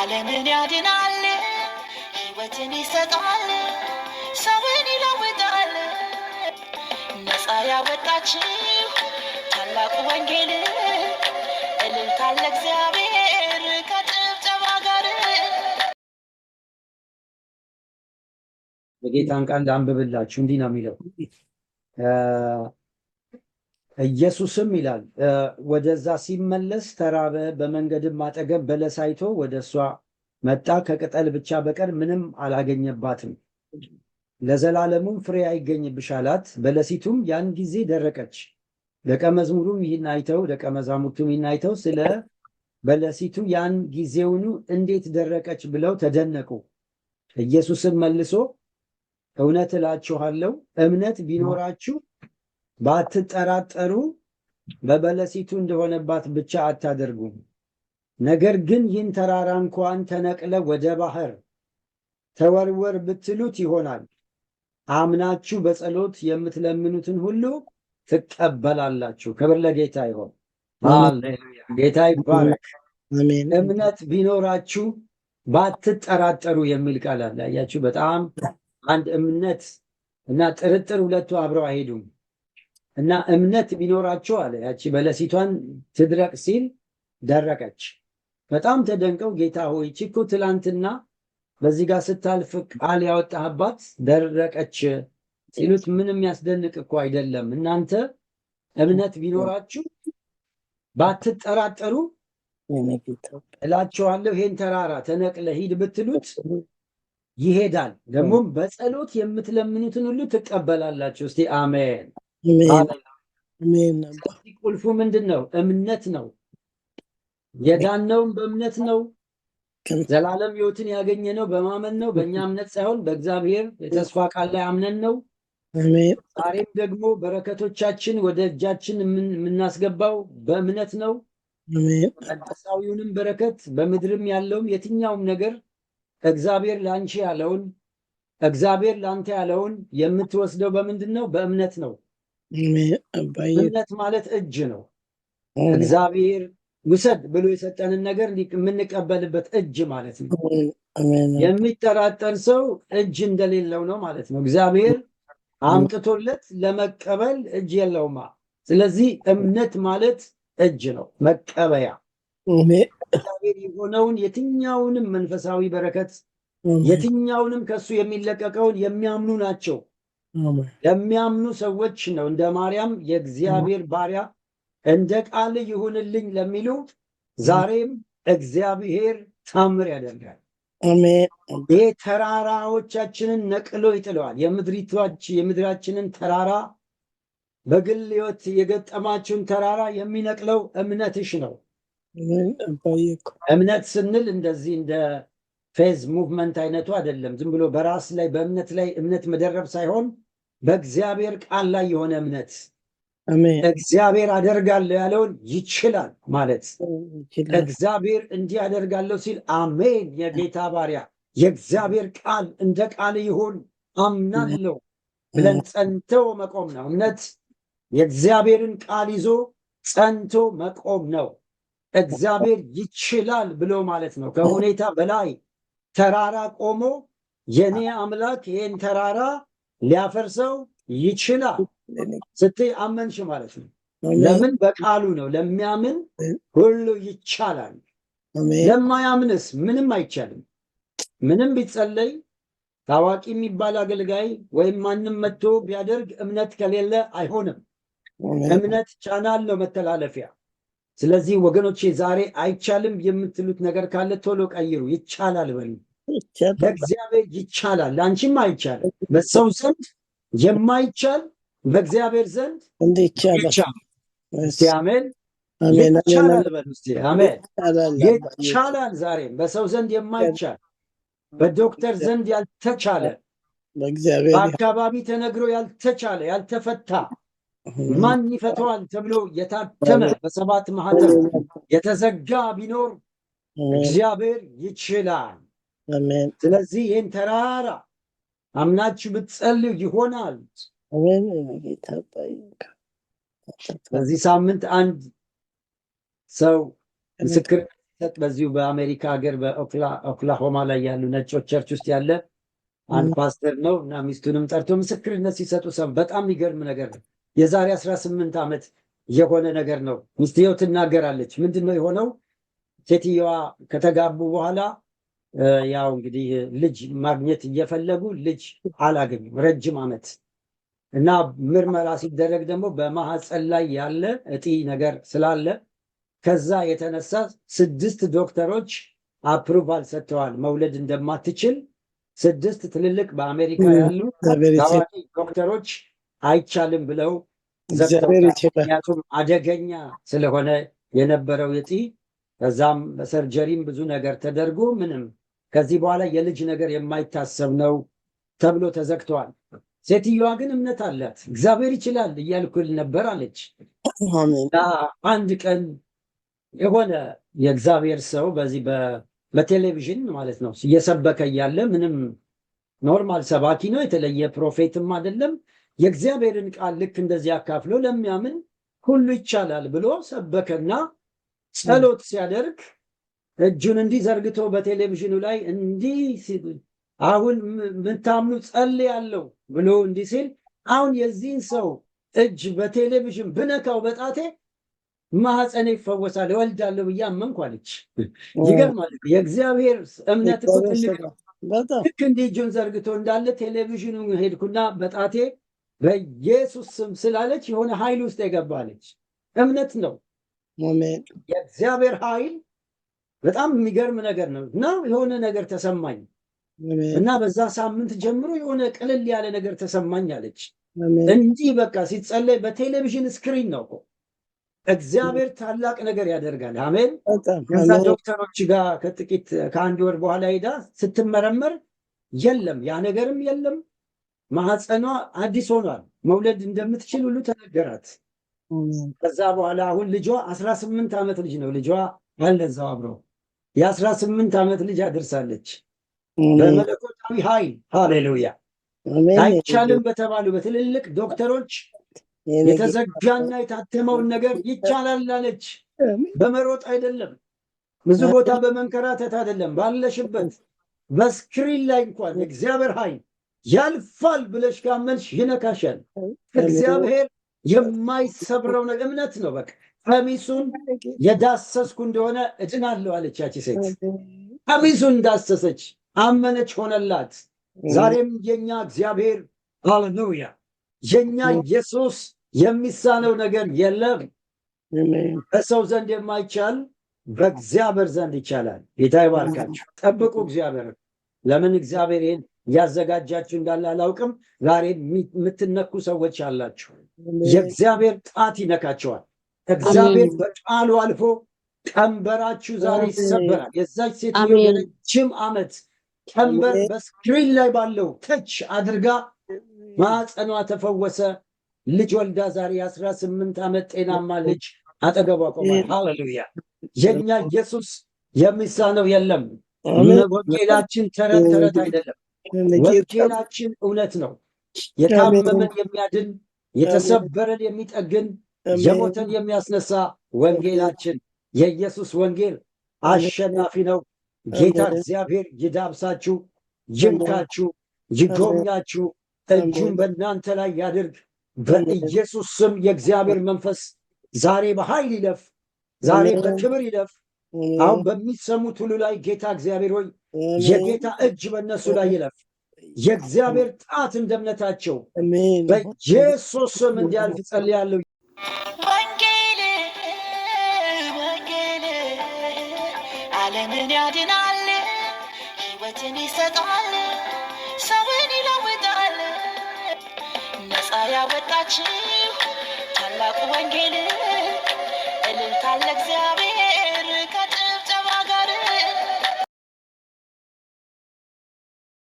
ዓለምን ያድናል፣ ህይወትን ይሰጣል፣ ሰውን ይለውጣል። ነፃ ያወጣችሁ ታላቁ ወንጌል እልልታ ለእግዚአብሔር ከጭብጨባ ጋር የጌታን ቃል አንብብላችሁ እንዲህ ነው የሚለው ኢየሱስም ይላል ወደዛ ሲመለስ ተራበ። በመንገድም አጠገብ በለስ አይቶ ወደ እሷ መጣ። ከቅጠል ብቻ በቀር ምንም አላገኘባትም። ለዘላለሙም ፍሬ አላት። በለሲቱም ያን ጊዜ ደረቀች። ደቀ መዝሙሩም ይህን አይተው፣ ደቀ መዛሙርቱም ይህን አይተው ስለ በለሲቱ ያን ጊዜውኑ እንዴት ደረቀች ብለው ተደነቁ። ኢየሱስም መልሶ እውነት እላችኋለሁ እምነት ቢኖራችሁ ባትጠራጠሩ በበለሲቱ እንደሆነባት ብቻ አታደርጉ። ነገር ግን ይህን ተራራ እንኳን ተነቅለ ወደ ባህር ተወርወር ብትሉት ይሆናል። አምናችሁ በጸሎት የምትለምኑትን ሁሉ ትቀበላላችሁ። ክብር ለጌታ ይሆን። ጌታ ይባረክ። እምነት ቢኖራችሁ ባትጠራጠሩ የሚል ቃል አለ። አያችሁ፣ በጣም አንድ እምነት እና ጥርጥር ሁለቱ አብረው አይሄዱም። እና እምነት ቢኖራቸው አለ ያቺ በለሲቷን ትድረቅ ሲል ደረቀች። በጣም ተደንቀው ጌታ ሆይ ቺኮ ትላንትና በዚህ ጋር ስታልፍ ቃል ያወጣህባት ደረቀች ሲሉት ምን የሚያስደንቅ እኮ አይደለም። እናንተ እምነት ቢኖራችሁ ባትጠራጠሩ እላቸዋለሁ ይሄን ተራራ ተነቅለ ሂድ ብትሉት ይሄዳል። ደግሞም በጸሎት የምትለምኑትን ሁሉ ትቀበላላችሁ። እስቲ አሜን። ቁልፉ ምንድን ነው? እምነት ነው። የዳነውም በእምነት ነው። ዘላለም ሕይወትን ያገኘ ነው በማመን ነው። በእኛ እምነት ሳይሆን በእግዚአብሔር የተስፋ ቃል ላይ አምነን ነው። ዛሬም ደግሞ በረከቶቻችን ወደ እጃችን የምናስገባው በእምነት ነው። ቅዱሳዊውንም በረከት በምድርም ያለውም የትኛውም ነገር እግዚአብሔር ለአንቺ ያለውን እግዚአብሔር ለአንተ ያለውን የምትወስደው በምንድን ነው? በእምነት ነው። እምነት ማለት እጅ ነው። እግዚአብሔር ውሰድ ብሎ የሰጠንን ነገር የምንቀበልበት እጅ ማለት ነው። የሚጠራጠር ሰው እጅ እንደሌለው ነው ማለት ነው። እግዚአብሔር አምጥቶለት ለመቀበል እጅ የለውማ። ስለዚህ እምነት ማለት እጅ ነው፣ መቀበያ እግዚአብሔር የሆነውን የትኛውንም መንፈሳዊ በረከት የትኛውንም ከሱ የሚለቀቀውን የሚያምኑ ናቸው ለሚያምኑ ሰዎች ነው። እንደ ማርያም የእግዚአብሔር ባሪያ እንደ ቃል ይሁንልኝ ለሚሉ ዛሬም እግዚአብሔር ታምር ያደርጋል። ይህ ተራራዎቻችንን ነቅሎ ይጥለዋል። የምድራችንን ተራራ በግል ሕይወት የገጠማችሁን ተራራ የሚነቅለው እምነትሽ ነው። እምነት ስንል እንደዚህ እንደ ፌዝ ሙቭመንት አይነቱ አይደለም። ዝም ብሎ በራስ ላይ በእምነት ላይ እምነት መደረብ ሳይሆን በእግዚአብሔር ቃል ላይ የሆነ እምነት እግዚአብሔር አደርጋለሁ ያለውን ይችላል ማለት እግዚአብሔር እንዲህ አደርጋለሁ ሲል አሜን፣ የጌታ ባሪያ የእግዚአብሔር ቃል እንደ ቃል ይሁን አምናለሁ ብለን ጸንተው መቆም ነው። እምነት የእግዚአብሔርን ቃል ይዞ ጸንቶ መቆም ነው። እግዚአብሔር ይችላል ብሎ ማለት ነው ከሁኔታ በላይ ተራራ ቆሞ የኔ አምላክ ይህን ተራራ ሊያፈርሰው ይችላል ስትይ አመንሽ ማለት ነው። ለምን በቃሉ ነው። ለሚያምን ሁሉ ይቻላል። ለማያምንስ ምንም አይቻልም። ምንም ቢጸለይ ታዋቂ የሚባል አገልጋይ ወይም ማንም መጥቶ ቢያደርግ እምነት ከሌለ አይሆንም። እምነት ቻናል ነው መተላለፊያ ስለዚህ ወገኖቼ ዛሬ አይቻልም የምትሉት ነገር ካለ ቶሎ ቀይሩ። ይቻላል በሉ። በእግዚአብሔር ይቻላል፣ ለአንቺም አይቻል። በሰው ዘንድ የማይቻል በእግዚአብሔር ዘንድ ይቻላል። አሜን፣ ይቻላል ይቻላል። ዛሬም በሰው ዘንድ የማይቻል በዶክተር ዘንድ ያልተቻለ በአካባቢ ተነግሮ ያልተቻለ ያልተፈታ ማን ይፈተዋል ተብሎ የታተመ በሰባት ማህተም የተዘጋ ቢኖር እግዚአብሔር ይችላል። ስለዚህ ይህን ተራራ አምናችሁ ብትጸልዩ ይሆናል። በዚህ ሳምንት አንድ ሰው ምስክር ሰጥ በዚሁ በአሜሪካ ሀገር በኦክላሆማ ላይ ያሉ ነጮች ቸርች ውስጥ ያለ አንድ ፓስተር ነው እና ሚስቱንም ጠርቶ ምስክርነት ሲሰጡ ሰው በጣም የሚገርም ነገር ነው። የዛሬ 18 ዓመት የሆነ ነገር ነው። ሚስትየው ትናገራለች። ምንድን ነው የሆነው? ሴትየዋ ከተጋቡ በኋላ ያው እንግዲህ ልጅ ማግኘት እየፈለጉ ልጅ አላገኙም ረጅም ዓመት እና ምርመራ ሲደረግ ደግሞ በማህፀን ላይ ያለ እጢ ነገር ስላለ ከዛ የተነሳ ስድስት ዶክተሮች አፕሩቫል ሰጥተዋል መውለድ እንደማትችል ስድስት ትልልቅ በአሜሪካ ያሉ ዶክተሮች አይቻልም ብለው ምክንያቱም አደገኛ ስለሆነ የነበረው እጢ ከዛም በሰርጀሪም ብዙ ነገር ተደርጎ ምንም ከዚህ በኋላ የልጅ ነገር የማይታሰብ ነው ተብሎ ተዘግተዋል። ሴትዮዋ ግን እምነት አላት። እግዚአብሔር ይችላል እያልኩል ነበር አለች። አንድ ቀን የሆነ የእግዚአብሔር ሰው በዚህ በቴሌቪዥን ማለት ነው እየሰበከ እያለ ምንም ኖርማል ሰባኪ ነው፣ የተለየ ፕሮፌትም አይደለም የእግዚአብሔርን ቃል ልክ እንደዚህ አካፍሎ ለሚያምን ሁሉ ይቻላል ብሎ ሰበከና ጸሎት ሲያደርግ እጁን እንዲህ ዘርግቶ በቴሌቪዥኑ ላይ እንዲህ አሁን ምታምኑ ጸል ያለው ብሎ እንዲህ ሲል አሁን የዚህን ሰው እጅ በቴሌቪዥን ብነካው በጣቴ ማህፀኔ ይፈወሳል እወልዳለሁ ብዬ አመንኩ አለች። ይገርማል። የእግዚአብሔር እምነት ልክ እንዲህ እጁን ዘርግቶ እንዳለ ቴሌቪዥኑ ሄድኩና በጣቴ በኢየሱስ ስም ስላለች የሆነ ኃይል ውስጥ የገባለች እምነት ነው። የእግዚአብሔር ኃይል በጣም የሚገርም ነገር ነው እና የሆነ ነገር ተሰማኝ እና በዛ ሳምንት ጀምሮ የሆነ ቅልል ያለ ነገር ተሰማኝ አለች። እንዲህ በቃ ሲጸለይ በቴሌቪዥን ስክሪን ነው እግዚአብሔር ታላቅ ነገር ያደርጋል። አሜን። ከዛ ዶክተሮች ጋር ከጥቂት ከአንድ ወር በኋላ ሄዳ ስትመረመር የለም ያ ነገርም የለም ማህፀኗ አዲስ ሆኗል። መውለድ እንደምትችል ሁሉ ተነገራት። ከዛ በኋላ አሁን ልጇ አስራ ስምንት ዓመት ልጅ ነው ልጇ ያለዛው አብረው የአስራ ስምንት ዓመት ልጅ አድርሳለች በመለኮታዊ ኃይል ሃሌሉያ። አይቻልም በተባሉ በትልልቅ ዶክተሮች የተዘጋና የታተመውን ነገር ይቻላል አለች። በመሮጥ አይደለም፣ ብዙ ቦታ በመንከራተት አይደለም፣ ባለሽበት በስክሪን ላይ እንኳን እግዚአብሔር ኃይል ያልፋል ብለሽ ካመንሽ ይነካሻል። እግዚአብሔር የማይሰብረው እምነት ነው። በቃ ቀሚሱን የዳሰስኩ እንደሆነ እድናለሁ አለች ያቺ ሴት። ቀሚሱን እንዳሰሰች አመነች፣ ሆነላት። ዛሬም የኛ እግዚአብሔር ሃሌሉያ፣ የኛ ኢየሱስ የሚሳነው ነገር የለም። በሰው ዘንድ የማይቻል በእግዚአብሔር ዘንድ ይቻላል። ጌታ ይባርካቸው። ጠብቁ እግዚአብሔር ለምን እግዚአብሔር ይህን እያዘጋጃችሁ እንዳለ አላውቅም። ዛሬ የምትነኩ ሰዎች አላችሁ። የእግዚአብሔር ጣት ይነካቸዋል። እግዚአብሔር በቃሉ አልፎ ቀንበራችሁ ዛሬ ይሰበራል። የዛች ሴት የረጅም ዓመት ቀንበር በስክሪን ላይ ባለው ተች አድርጋ ማፀኗ ተፈወሰ። ልጅ ወልዳ ዛሬ አስራ ስምንት ዓመት ጤናማ ልጅ አጠገቧ ቆሟል። ሃሌሉያ! የእኛ ኢየሱስ የሚሳነው የለም። ወንጌላችን ተረት ተረት አይደለም። ወንጌላችን እውነት ነው። የታመመን የሚያድን የተሰበረን የሚጠግን የሞተን የሚያስነሳ ወንጌላችን የኢየሱስ ወንጌል አሸናፊ ነው። ጌታ እግዚአብሔር ይዳብሳችሁ፣ ይምካችሁ፣ ይጎብኛችሁ፣ እጁን በእናንተ ላይ ያድርግ። በኢየሱስ ስም የእግዚአብሔር መንፈስ ዛሬ በኃይል ይለፍ፣ ዛሬ በክብር ይለፍ። አሁን በሚሰሙት ሁሉ ላይ ጌታ እግዚአብሔር ሆይ የጌታ እጅ በእነሱ ላይ ይለፍ። የእግዚአብሔር ጣት እንደምነታቸው እምነታቸው በኢየሱስ ስም እንዲያልፍ ጸልያለሁ። ወንጌል ወንጌል ዓለምን ያድናል፣ ሕይወትን ይሰጣል፣ ሰውን ይለውጣል። ነፃ ያወጣችሁ ታላቁ ወንጌል እልልታለ እግዚአብሔር